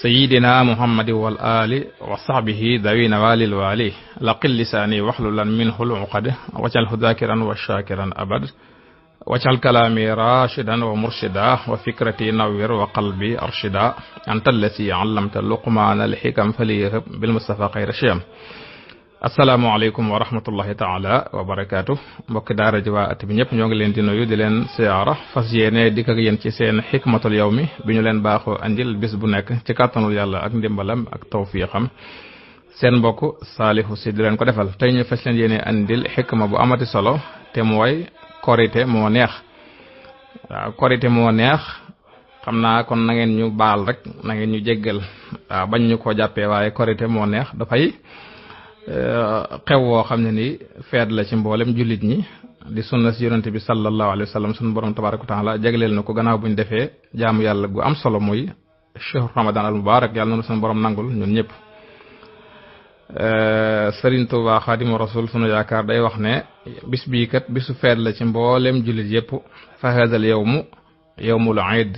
sayidina muhammadin wal ali wa sahbihi dawina walil wali laqil lisaani waxlulan minhu luqad wacalhu dakiran wa shakiran abad wacal kalaami rashidan wa murshida wa fikrati nawir wa qalbi arshida anta allati allamta luqmaana alxikam faliyahab bilmustafa xayra shiyam asalaamaaleykum wa rahmatullahi taala wa barakaatu mbokki daara ji waa at bi ñëpp ñoo ngi leen di nuyu di leen siyaara fas yéene dikk ak yéen ci seen xikmatul yow mi bi ñu leen baaxoo andil bis bu nekk ci kàttanul yàlla ak ndimbalam ak tawfiixam seen mbokk saalihu si di leen ko defal te ñu fas leen yéene andil xikma bu amati solo te mooy korite moo neex waaw moo neex xam naa kon na ngeen ñu baal rek na ngeen ñu jéggal waaw bañ ñu ko jàppee waaye korite moo neex dafay Euh, xew woo xam ne ni feet la ci mboolem jullit ñi di sunna si yonente bi sallallahu alayhi wa sallam sunu borom tabaraka wa taala jagleel na ko ganaaw bu ñu defee jaamu yàlla gu am solo muy chehru ramadan al mubarak yàlla noonu sunu borom nangul ñun ñëpp. Euh, Sëriñ Tuubaa Xaadimu Rasuul sunu yaakaar day wax ne bis bii kat bisu feet la ci mboolem jullit yépp fa haadal yawmu yawmul iid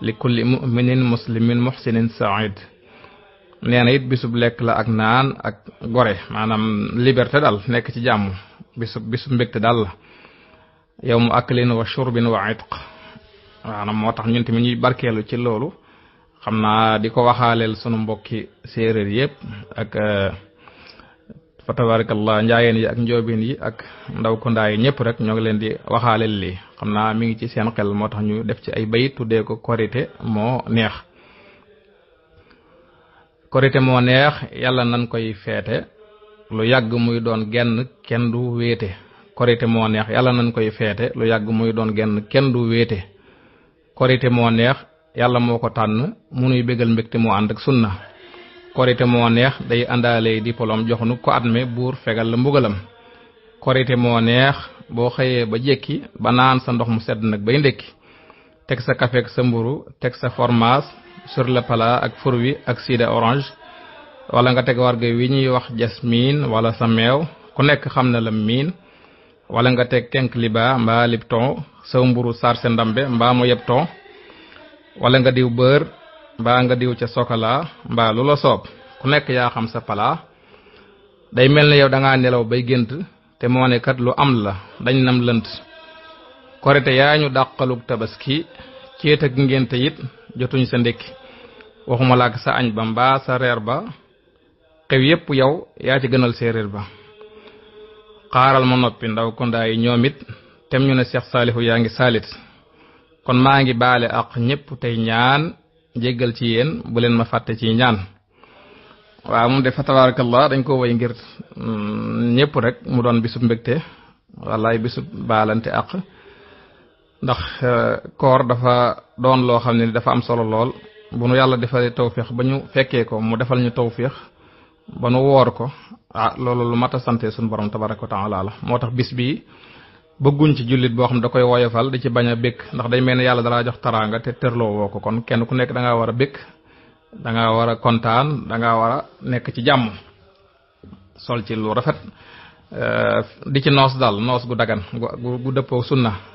li kulli muminin muslimin muhsinin said nee na it bisub lekk la ak naan ak gore maanaam liberté daal nekk ci jàmm bisub bisub mbégte daal la yow mu aklin wa shurbin wa itq maanaam moo tax ñun tamit ñuy barkeelu ci loolu xam naa di ko waxaaleel sunu mbokki séeréer yëpp ak euh, fa tabarakallah njaayeen yi ak njoobeen yi ak ndaw ko ndaay ñëpp rek ñoo ngi leen di waxaaleel lii xam naa mi ngi ci seen xel moo tax ñu def ci ay bayit tuddee ko korité moo neex korite moo neex yàlla nan koy feete lu yàgg muy doon genn kenn du wéete korite moo neex yàlla nan koy feete lu yàgg muy doon genn kenn du wéete korite moo neex yàlla moo ko tànn mu nuy bégal mbégte moo ànd ak sunna korite moo neex day àndaale diplôme joxnu ko at me buur fegal la mbugalam korite moo neex boo xëyee ba jekki ba naan sa ndox mu sedd nag bay ndékki teg sa kafeek sa mburu teg sa fromage sur le plat ak fur wi ak sida orange wala nga teg warga wi ñuy wax jasmine wala sa meew ku nekk xam na la miin wala nga teg kenkliba mbaa lipton sëw mburu sarse ndambe mbaa mu yeb ton wala nga diw bër mbaa nga diw ca sokola mbaa lu la soob ku nekk yaa xam sa palaa day mel ne yow danga ngaa nelaw bay gént te moo nekkat lu am la dañ nam lënt korite yaa ñu dàqalug tabaski céet ak ngénte it jotuñ sa ndékki waxuma laak sa añ ba mbaa sa reer ba xew yépp yow yaa ci gënal séeréer ba xaaral ma noppi ndaw kondaa yi ñoom it tem ñu ne Seex Saalihu yaa ngi saalit kon maa ngi baale ak ñépp tey ñaan jéggal ci yéen bu leen ma fàtte ci ñaan waaw moom de fa tabarakallah dañ ko woy ngir mm, ñépp rek mu doon bisub mbégte wallaay bisub baalante ak ndax euh, koor dafa doon loo xam ne dafa am solo lool bu nu yàlla defalee tawféex ba ñu fekkee ko mu defal ñu tawféex ba nu woor ko ah loolu lu mat a sante suñu borom tabaraka wa taala la moo tax bis bii bëgguñ ci jullit boo xam da koy woyofal di ci bañ a békk ndax day mel ni yàlla dalaa jox taraanga te tërloo woo ko kon kenn ku nekk da ngaa war a békk da war a kontaan da ngaa war nekk ci jàmm sol ci lu rafet eh, di ci noos daal noos gu dagan gu gu dëppoo sunna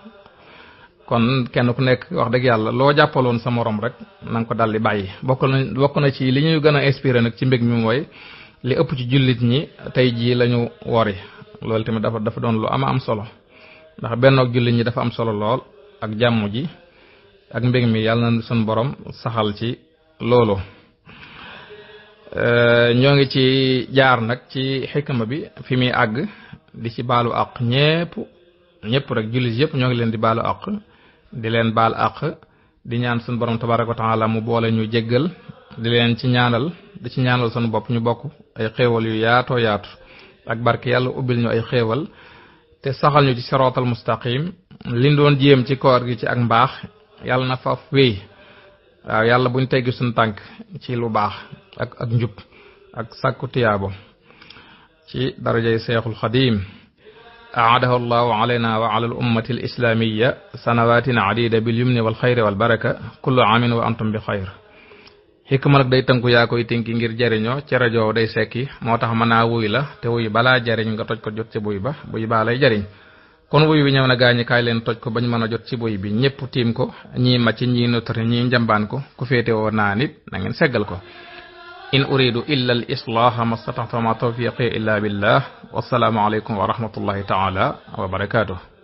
kon kenn ku nekk wax dëgg yàlla loo jàppaloon sa morom rek na ko ko daldi bàyyi bokk na bokk na ci li ñuy gën a inspiré nag ci mbég mi mooy li ëpp ci jullit ñi tey jii lañu wori loolu tamit dafa doon lu ama am solo ndax bennoog jullit ñi dafa am solo lool ak jàmm ji ak mbég mi yàlla na suñ borom saxal ci loolu ñoo ngi ci jaar nag ci xikma bi fi muy àgg di ci baalu àq ñépp ñépp rek jullit yépp ñoo ngi leen di baalu àq di leen baal àq di ñaan suñu borom tabaraka wa taala mu boole ñu jéggal di leen ci ñaanal di ci ñaanal suñu bopp ñu bokk ay xéewal yu yaatoo yaatu ak bark yàlla ubbil ñu ay xéewal te saxal ñu ci siraatal mustaqim liñ doon jéem ci koor gi ci ak mbaax yàlla na faf wéy waaw yàlla buñ teggi suñu tànk ci lu baax ak ak njub ak sàkku tiyaabo ci darajay seexul xadiim aadahu allahu alayna wa ala al ummati al islamiyya sanawatin adida bil yumni wal xayri wal baraka kullu amin wa antum bi xayr xikma nag day tënku yaa koy tënki ngir jariñoo ci rajo day sekki moo tax mën naa wuy la te wuy balaa jariñ nga toj ko jot ci buy ba buy baa lay jariñ kon wuy bi ñëw na gaañi kaay leen toj ko bañ mën a jot ci buy bi ñëpp tiim ko ñii màcc ñii notari ñii njambaan ko ku féete woon naa nit na seggal ko in uridu illa al islaha ma stata'tu ma tawfiqi illa billah wassalaamu aleykum wa rahmatullahi taala wa barakatuh